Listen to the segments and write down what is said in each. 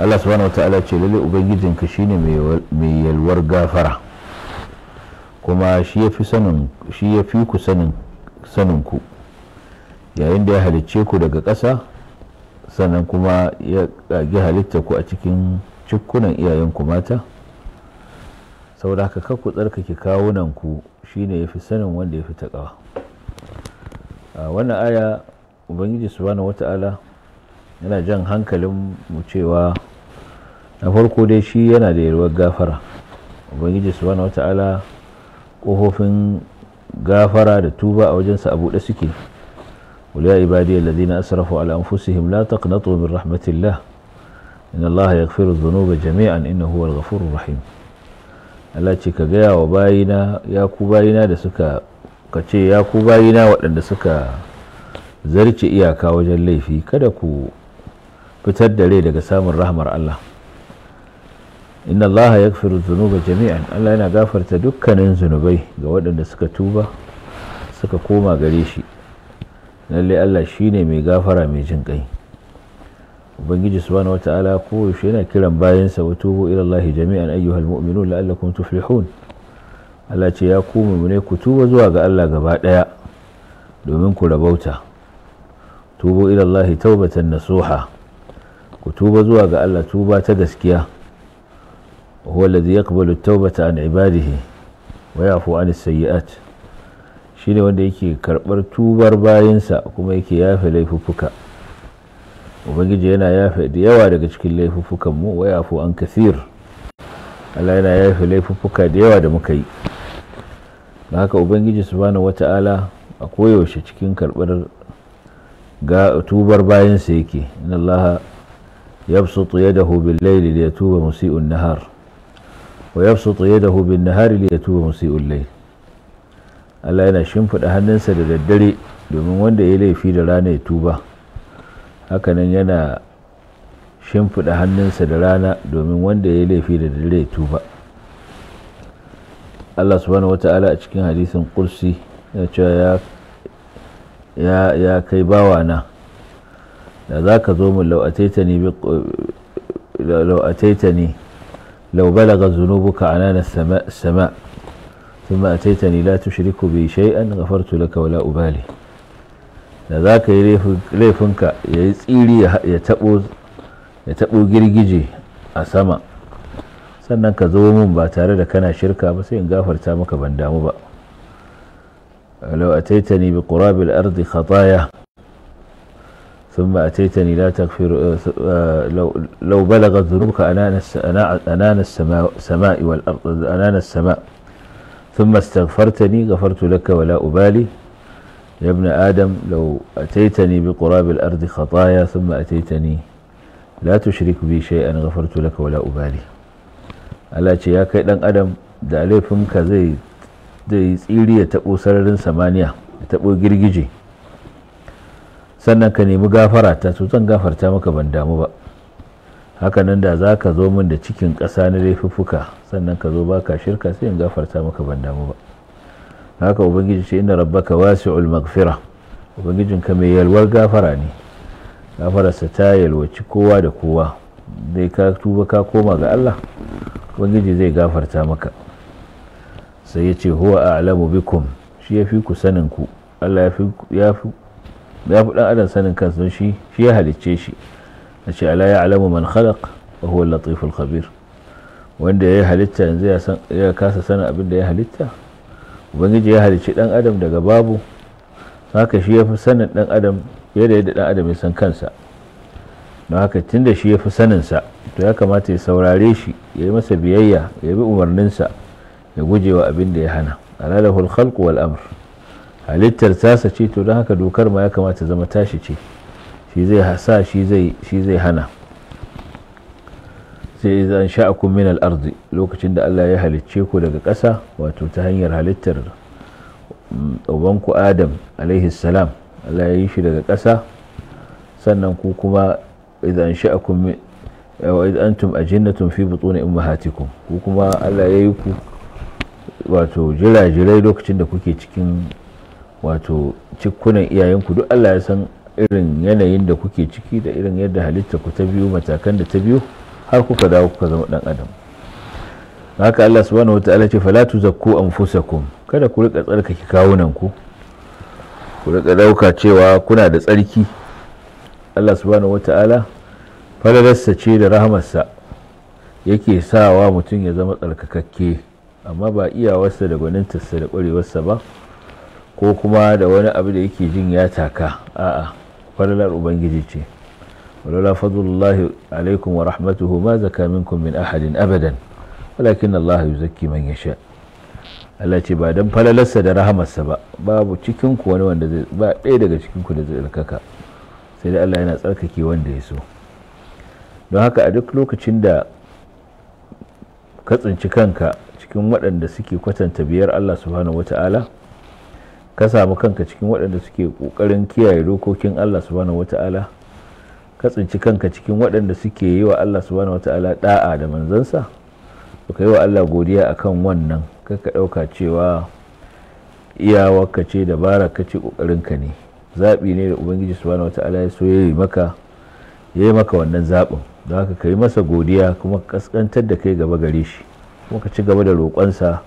Allah subhanahu wa ta'ala ce lalle ubangijinka shine mai yalwar gafara kuma shi ya fi ku sanin ku yayin da ya halicce ku daga ƙasa sannan kuma ya ƙage halitta ku a cikin cikkunan ku mata saboda haka kar ku tsarkake kawunan ku shine ya fi sanin wanda ya fi taƙawa wannan aya ubangiji subhanahu ala yana jan hankalin mu cewa na farko dai shi yana da yarwar gafara ubangiji subhanahu wata'ala ƙofofin gafara da tuba a wajensa a buɗe suke قل يا عبادي الذين أسرفوا على أنفسهم لا تقنطوا من رحمة الله إن الله يغفر الذنوب جميعا إنه هو الغفور الرحيم Allah ce ka gaya wa bayina ya ku bayina da suka ka ce ya ku bayina waɗanda suka zarce iyaka wajen laifi kada ku fitar da rai daga samun rahmar Allah inna allaha firu zunuba jami'an Allah yana gafarta dukkanin zunubai ga waɗanda suka tuba suka koma gare shi lalle Allah shine mai gafara mai jin kai ubangiji subhanahu wata'ala koyaushe yana kiran bayansa wa tubu ila Allah jami'an ayyuhal mu'minun la'allakum tuflihun Allah ce ya mu ne ku tuba zuwa ga Allah gaba daya domin ku rabauta tubu ila Allah taubatan nasuha ku tuba zuwa ga Allah tuba ta gaskiya وهو الذي يقبل التوبة عن عباده ويعفو عن السيئات shine wanda yake karɓar tubar bayansa kuma yake yafe laifuffuka ubangiji yana yafe da yawa daga cikin laifuffukan mu wa yafu an kasir Allah yana yafe laifufuka da yawa da muka yi ga haka ubangiji subhanahu ala a koyaushe cikin karɓar ga tubar bayansa yake inna Allah yabsutu yadahu bil layli liyatuba musii'un nahar ويبسط يده بالنهار ليتوب مسيء الليل Allah yana shimfiɗa hannunsa da daddare domin wanda ya laifi da rana ya tuba hakanan yana shimfiɗa hannunsa da rana domin wanda ya laifi da daddare ya tuba Allah subhanahu wata'ala a cikin hadisin kursi ya ce ya kai bawana da za ka zo mu lau'ataita ne لو بلغ ذنوبك عنان السماء, السماء ثم أتيتني لا تشرك بي شيئا غفرت لك ولا أبالي ذاك ليفنك يسيري يتأوز يتأوز قريجي السماء سننك زوم باتارد كان شركا بس ينغافر تامك بندامبا لو أتيتني بقراب الأرض خطايا ثم أتيتني لا تغفر آه، آه، لو, لو بلغت ذنوبك أنان أنان السماء سماء والأرض أنان السماء ثم استغفرتني غفرت لك ولا أبالي يا ابن آدم لو أتيتني بقراب الأرض خطايا ثم أتيتني لا تشرك بي شيئا غفرت لك ولا أبالي ألا يا كي دان آدم da laifinka زي tsiri ya taɓo sararin samaniya ya taɓo sannan ka nemi gafara ta to zan gafarta maka ban damu ba hakanan da za ka zo min da cikin ƙasa na laifuffuka sannan ka zo baka shirka sai in gafarta maka ban damu ba haka ubangiji ce inna rabbaka wasi'ul maghfira ka mai yalwar gafara ne gafararsa ta yalwaci kowa da kowa dai ka tuba ka koma ga Allah ubangiji zai gafarta maka sai ya ce huwa a'lamu bikum shi ya fi ku sanin Allah ya ya fi dan adam sanin kansa shi shi ya halicce shi a ce ala ya'lamu man khalaq wa huwa al-latiful khabir wanda ya halitta yanzu ya kasa sanin abin da ya halitta ubangiji ya halicci dan adam daga babu haka shi ya fi sanin dan adam fiye da yadda dan adam ya san kansa don haka tun shi ya fi saninsa to ya kamata ya saurare shi ya yi masa biyayya ya bi umarninsa ya guje wa abin da ya hana alalahul khalq wal amr halittar tasa ce to don haka dokar ma ya kamata zama tashi ce shi zai sa shi zai hana sai zan sha'akun minal arzi lokacin da Allah ya halicce ku daga ƙasa wato ta hanyar halittar mm, ubanku adam alaihi salam Allah ya yi shi daga ƙasa sannan ku kuma idan sha'akun eh, wa idan antum ajinnatun fi in ummahatikum ku kuma Allah ya yi ku wato jirajirai lokacin da kuke cikin wato cikkunan iyayenku duk Allah ya san irin yanayin da kuke ciki da irin yadda halitta ku ta biyu matakan da ta biyu har kuka dawo kuka zama dan adam haka Allah subhanahu wataala ce fala tuzakku anfusakum kada ku rika tsarkake kawunan ku ku rika dauka cewa kuna da tsarki Allah subhanahu wataala falalarsa ce da rahamarsa yake sawa mutum ya zama tsarkakakke amma ba iyawarsa da gwanintarsa da kwarewarsa ba ko kuma da wani abu da yake jin ya taka a'a falalar ubangiji ce walala fadlullahi alaikum wa rahmatuhu ma zaka minkum min ahadin abadan walakin Allah yuzakki man yasha Allah ce ba dan falalarsa da rahamarsa ba babu cikin wani wanda zai ba ɗaya daga cikinku da zai tsarkaka sai da Allah yana tsarkake wanda ya so don haka a duk lokacin da ka tsinci kanka cikin waɗanda suke kwatanta biyar Allah subhanahu wata'ala ka samu kanka cikin waɗanda suke ƙoƙarin kiyaye dokokin Allah subhanahu wata'ala ka tsinci kanka cikin waɗanda suke yi wa Allah subhanahu wata'ala da'a da manzansa to ka yi wa Allah godiya akan wannan ka ka ɗauka cewa iyawarka ce dabara ka ce ƙoƙarinka ne zaɓi ne da ubangiji subhanahu wata'ala ya so ya yi maka ya yi maka wannan zaɓin don haka ka yi masa godiya kuma ka ƙasƙantar da kai gaba gare shi kuma ka ci gaba da roƙonsa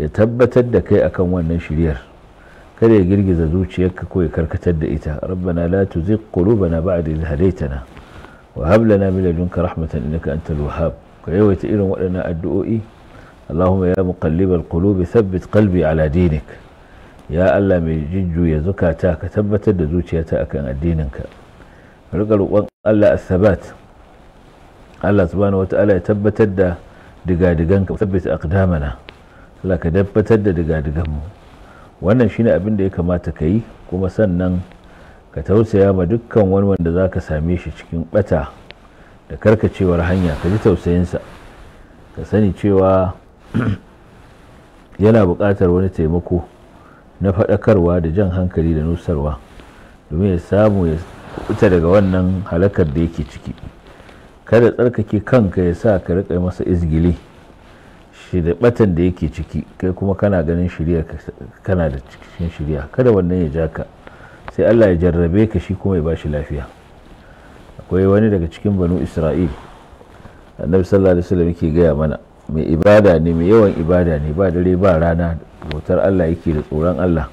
ya tabbatar da kai akan wannan shiryar kada ya girgiza zuciyarka ko ya karkatar da ita rabbana la tuzigh qulubana ba'da idh hadaytana wa hab lana min ladunka rahmatan innaka antal wahhab ka yawaita irin waɗannan addu'o'i اللهم ya مقلب القلوب ثبت قلبي على دينك ya الله mai jujjuya zukata ka tabbatar da zuciyata akan addininka rika roƙon Allah as-sabat Allah subhanahu wata'ala ya tabbatar da digadiganka sabbata aqdamana Allah ka tabbatar da diganmu. wannan shine abin da ya kamata ka yi kuma sannan ka tausaya ma dukkan wani wanda za ka same shi cikin bata da karkacewar hanya ka ji tausayinsa ka sani cewa yana bukatar wani taimako na faɗakarwa da jan hankali da nusarwa domin ya samu ya fita daga wannan halakar da yake ciki kada tsarkake kanka ya sa ka riƙa masa izgili shi da batan da yake ciki kai kuma kana ganin shirya kana da cikin shirya kada wannan ya ja ka sai Allah ya jarrabe ka shi kuma ya bashi lafiya akwai wani daga cikin banu isra'il annabi sallallahu alaihi wasallam yake gaya mana mai ibada ne mai yawan ibada ne ba dare ba rana bautar Allah yake da tsoron Allah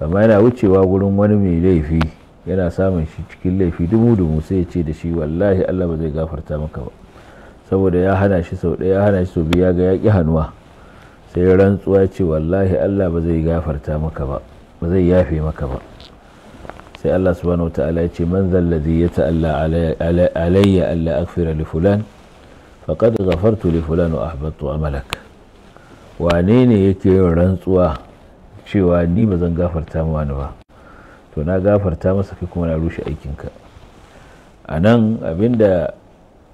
amma yana wucewa gurin wani mai laifi yana samun shi cikin laifi dubu dubu sai ya ce da shi wallahi Allah ba zai gafarta maka ba saboda ya hana shi sau ɗaya ya hana shi sau biya ga yaƙi hannuwa sai rantsuwa ce wallahi Allah ba zai gafarta maka ba ba zai yafe maka ba sai Allah subhanahu wa ta'ala ya ce man zalladhi ya ta'alla alayya alla aghfira li fulan faqad ghafartu li fulan wa ahbattu amalak wane ne yake yin rantsuwa cewa ni ba zan gafarta ma wani ba to na gafarta masa kai kuma na rushe aikinka a nan da.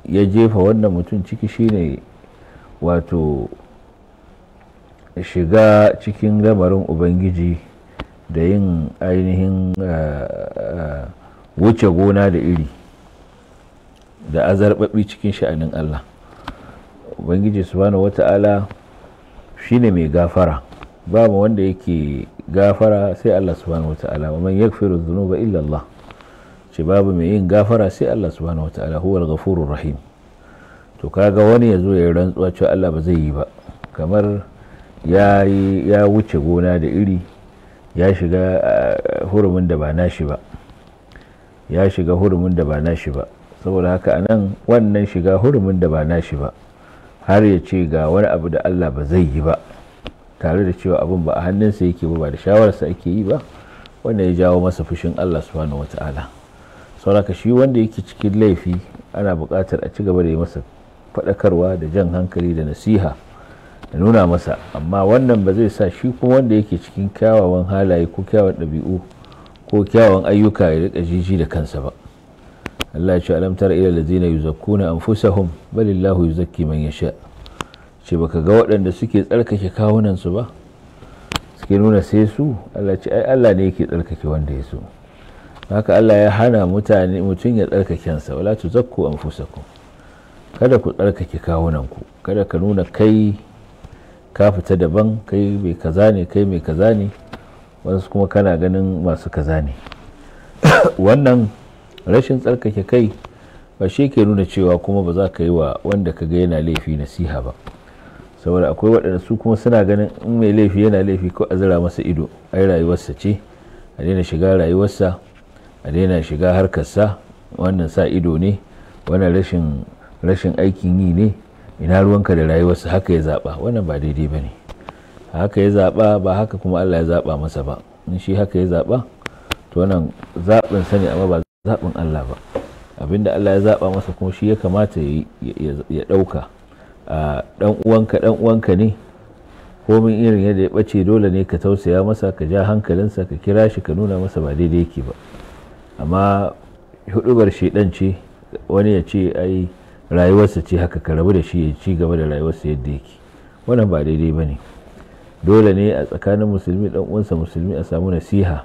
ya jefa wannan mutum ciki shine wato shiga cikin lamarin ubangiji da yin ainihin ah, ah, wuce gona da iri da azarbabi cikin sha'anin Allah ubangiji subhanahu wata'ala shine mai gafara babu wanda yake gafara sai Allah subhanahu wata'ala wa man yakfiru dhunuba illa Allah ce babu mai yin gafara sai Allah subhanahu ta'ala huwal ghafurur rahim to kaga wani ya zo ya rantsuwa cewa Allah ba zai yi ba kamar ya ya wuce gona da iri ya shiga eh, hurumin da ba nashi ba ya shiga hurumin da ba nashi ba saboda haka anan wannan shiga hurumin da ba nashi ba har ya ce ga wani abu da Allah ba zai yi ba tare da cewa abun ba a hannunsa yake ba ba da shawararsa ake yi ba wanda ya jawo masa fushin Allah subhanahu wata'ala sauraka shi wanda yake cikin laifi ana bukatar a ci gaba da yi masa faɗakarwa da jan hankali da nasiha da nuna masa amma wannan ba zai sa shi kuma wanda yake cikin kyawawan halaye ko kyawawan ɗabi'u ko kyawawan ayyuka ya riƙa jiji da kansa ba Allah ya ce alam tara ila lazina yuzakkuna anfusahum balillahu yuzakki man yasha ce baka ga waɗanda suke tsarkake kawunan su ba suke nuna sai su Allah ce ai Allah ne yake tsarkake wanda ya so haka Allah ya hana mutane mutum ya tsarkake kansa wala zakku anfusakum kada ku tsarkake kawunanku kada ka nuna kai ka fita daban kai mai kaza ne kai mai kaza ne wasu kuma kana ganin masu kaza ne wannan rashin tsarkake kai ba shi ke nuna cewa kuma ba za ka yi wa wanda ka ga yana laifi nasiha ba saboda akwai waɗanda su kuma suna ganin in mai laifi yana laifi ko a zira masa ido ai rayuwarsa ce a daina shiga rayuwarsa a daina shiga harkarsa wannan sa ido ne wannan rashin rashin aikin yi ne ina ruwanka da rayuwarsa haka ya zaba wannan ba daidai ba ne haka ya zaba ba haka kuma Allah ya zaba masa ba in shi haka ya zaba to wannan zaɓin sa ne amma ba zaɓin Allah ba abinda Allah ya zaba masa kuma shi ya kamata ya ɗauka ɗan uwanka ɗan uwanka ne komin irin yadda ya ɓace dole ne ka tausaya masa ka ja hankalinsa ka kira shi ka nuna masa ba daidai yake ba amma hudubar shaidan ce wani ya ce ai rayuwarsa ce haka ka rabu da shi ya ci gaba da rayuwarsa yadda yake wannan ba daidai ba ne dole ne a tsakanin musulmi dan uwansa musulmi a samu nasiha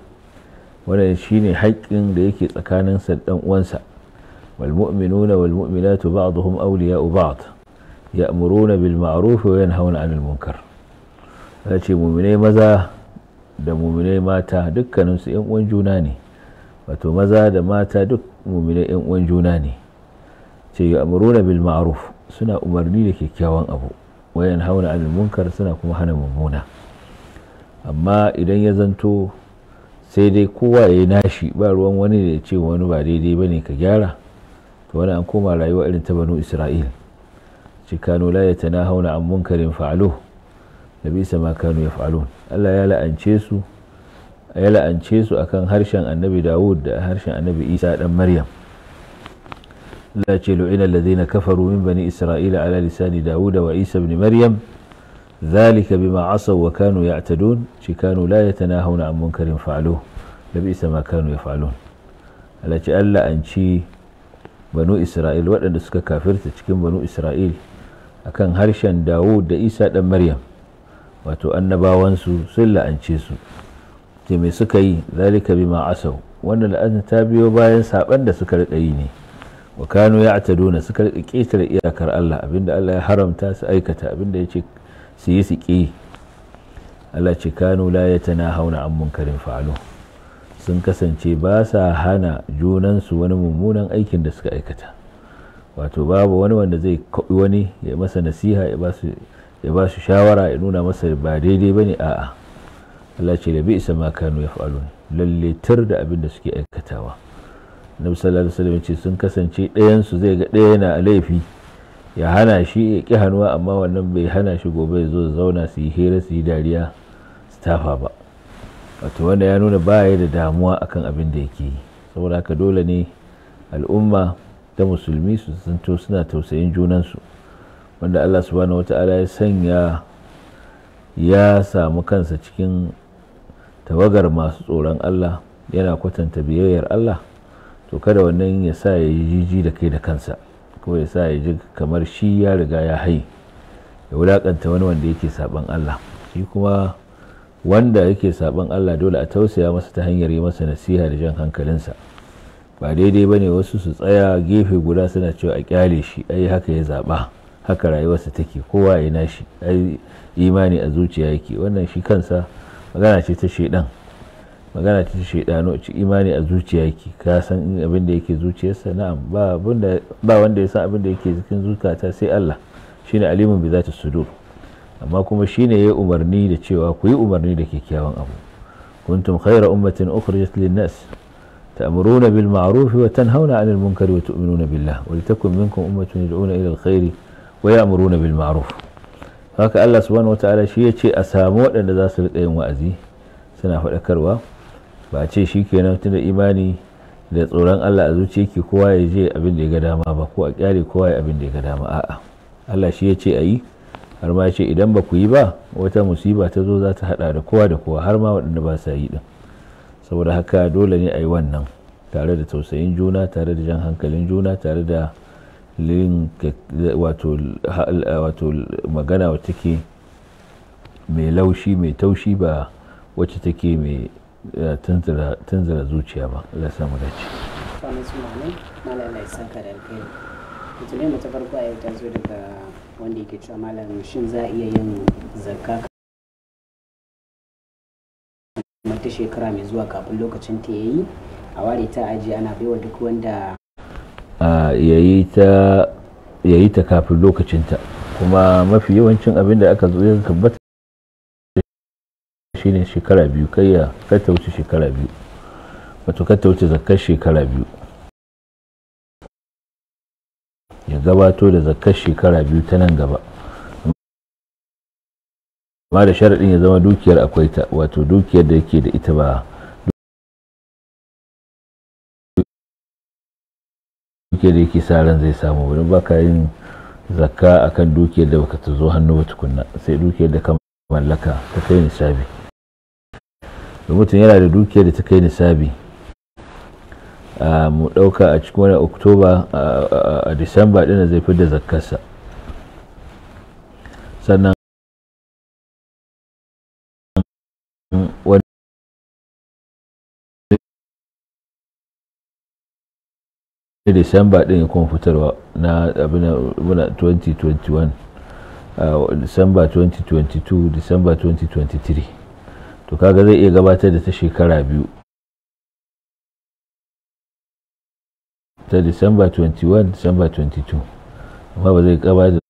wannan shine haƙƙin da yake tsakanin sa dan uwansa wal mu'minuna wal mu'minatu ba'dhum awliya'u ba'd ya'muruna bil ma'ruf wa yanhauna 'anil munkar ce mu'minai maza da mu'minai mata dukkaninsu yan uwan juna ne wato maza da mata duk muminai yan uwan juna ne ce ya'muruna bil ma'ruf suna umarni da kyakkyawan abu wayan hauna anil munkar suna kuma hana mummuna amma idan ya zanto sai dai kowa ya yi nashi ba ruwan wani da ya ce wani ba daidai ba ne ka gyara to wani an koma rayuwa irin ta banu isra'il ce kanu la hauna an munkarin fa'aluhu da bisa ma kanu ya fa'alun Allah ya la'ance su a ya la'ance su akan harshen annabi dawud da harshen annabi isa dan maryam za ce lu'ina allazi na kafaru min bani isra'ila ala lisani dawud wa isa ibn maryam zalika bima asaw wa kanu ya'tadun shi kanu la yatanahawna an munkarin karin falo bi isa ma kanu yaf'alun ala ce an la'anci banu isra'il waɗanda suka kafirta cikin banu isra'il akan harshen dawud da isa dan maryam wato annabawansu sun la'ance su ce mai suka yi zalika bima asau wannan la'azin ta biyo bayan saban da suka riƙa yi ne wa kanu ya ataduna suka rika ƙetare iyakar Allah abinda Allah ya haramta su aikata abinda ya ce su yi su ƙi Allah ce kanu la ya hauna an munkarin falo sun kasance ba sa hana junansu wani mummunan aikin da suka aikata wato babu wani wanda zai kwaɓi wani ya masa nasiha ya ba su shawara ya nuna masa ba daidai ba ne a'a Allah ce da isa ma kanu yaf'alun lalle tar da abin da suke aikatawa Nabi sallallahu alaihi wasallam ce sun kasance ɗayan su zai ga ɗaya yana laifi ya hana shi ya ki hannuwa amma wannan bai hana shi gobe ya zo zauna su yi hira su yi dariya su tafa ba wato wanda ya nuna baya da damuwa akan abin da yake yi saboda haka dole ne al'umma ta musulmi su zanto suna tausayin junansu wanda Allah subhanahu wata'ala ya sanya ya samu kansa cikin tawagar masu tsoron Allah yana kwatanta biyayyar Allah to kada wannan ya sa ya yi jiji da kai da kansa ko ya sa ya ji kamar shi ya riga ya hai ya wulaƙanta wani wanda yake saban Allah shi kuma wanda yake saban Allah dole a tausaya masa ta hanyar yi masa nasiha da jan hankalinsa ba daidai bane wasu su tsaya gefe guda suna cewa a kyale shi ai haka ya zaba haka rayuwarsa take kowa ya nashi ai imani a zuciya yake wannan shi kansa magana ce ta shedan magana ce ta shedano ci imani a zuciya yake ka san abin da yake zuciyarsa na'am ba ba wanda ya san abin da yake cikin zukata sai Allah shine alimun bi zata sudur amma kuma shine yayi umarni da cewa ku yi umarni da kikkiawan abu kuntum khayra ummatin ukhrijat lin-nas ta'muruna bil ma'ruf wa 'anil munkari wa tu'minuna billah wa litakun minkum ummatun yad'una ila al khair wa ya'muruna bil ma'ruf haka Allah subhanahu wataala shi ya ce a samu waɗanda za su riƙa yin wa'azi suna faɗakarwa ba a ce shi kenan tunda imani da tsoron Allah a zuciya ke kowa ya je abin da ya ga dama ba ko a kyare kowa ya abin da ya ga dama a'a Allah shi ya ce a yi har ma ce idan ba ku yi ba wata musiba ta zo za ta hada da kowa da kowa har ma waɗanda ba sa yi din saboda haka dole ne a yi wannan tare da tausayin juna tare da jan hankalin juna tare da wato magana wacce take mai laushi mai taushi ba wacce take mai eh, tunzura zuciya ba Allah samu dace mutum ne ta farko a yau ta zo daga wanda yake cewa malam shin za a iya yin zakka ta shekara mai zuwa kafin lokacin ta yayi a ware ta ajiye ana baiwa duk wanda ya yi ta kafin lokacinta kuma mafi yawancin abin da aka zo ya shi shine shekara biyu kai ya kata wuce shekara biyu wato kata wuce zakar shekara biyu ya gabato da zakar shekara biyu ta nan gaba amma da sharaɗin ya zama dukiyar akwai ta wato dukiyar da yake da ita ba duke da yake sa ran zai samu wurin baka yin zakka akan dukiyar da baka ta zo hannu ba tukunna sai dukiyar da ka mallaka ta kai nisabi da mutum yana da dukiyar da ta kai nisabi mu ɗauka a cikin wani oktoba a disamba ɗin zai fi da zakkarsa sannan ne disamba din ya kuma fitarwa na abin 2021 uh, disamba 2022 disamba 2023 to kaga zai iya gabatar da ta shekara biyu ta disamba 21 disamba 22 amma ba zai gabatar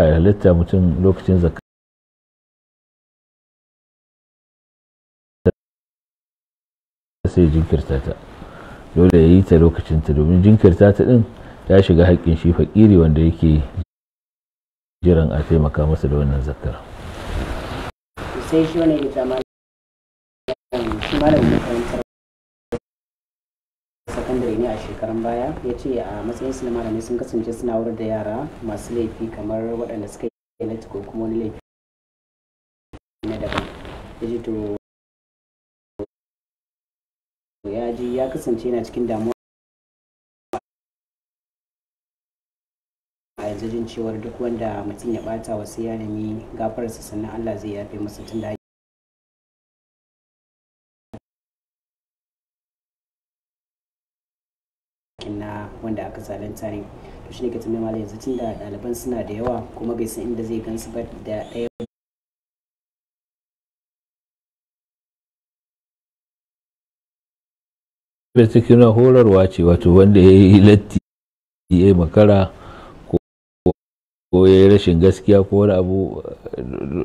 ya halitta mutum lokacin zakka sai jinkirta ta dole ya yi ta lokacin ta domin jinkirta ta din ya shiga haƙƙin shi faƙiri wanda yake jiran a taimaka masa da wannan zakar. sai shi wani ita malam shi makarantar. sakandare ne a shekarun baya ya ce a matsayin su na malamai sun kasance suna wurin da yara masu laifi kamar waɗanda suka yi na ko kuma wani laifi na daban ya ji to ya ji ya kasance yana cikin damuwa a yanzu jin cewar duk wanda mutum ya ɓata wasu ya nemi gafararsa sannan allah zai yafe masa tun da na wanda aka zalunta ne to shine ka tambaye malam yanzu tunda ɗaliban suna da yawa kuma bai san inda zai gansu ba da ɗaya da cikin horarwa ce wato wanda ya yi latti ya yi makara ko ya yi rashin gaskiya ko wani abu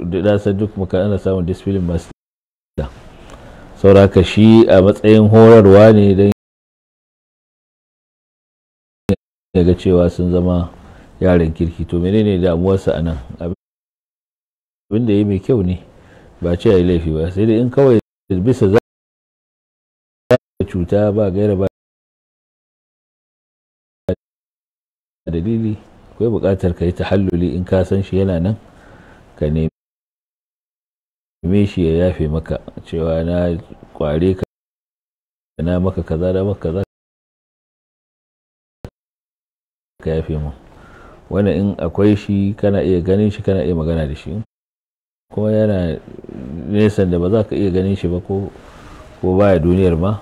da nasa duk makara ana samun disfilin masu da sauraka shi a matsayin horarwa ne don daga ga cewa sun zama yaran kirki to menene damuwarsa a nan abin da ya mai kyau ne ba ce ya yi laifi ba sai dai in kawai bisa za cuta ba gaira ba dalili akwai buƙatar ka yi ta halloli in ka san shi yana nan ka neme shi ya yafe maka cewa na kware ka na maka kaza da maka kaza ka yafe mu wanda in akwai shi kana iya ganin shi kana iya magana da shi kuma yana nesan da ba za ka iya ganin shi ba ko ko baya duniyar ma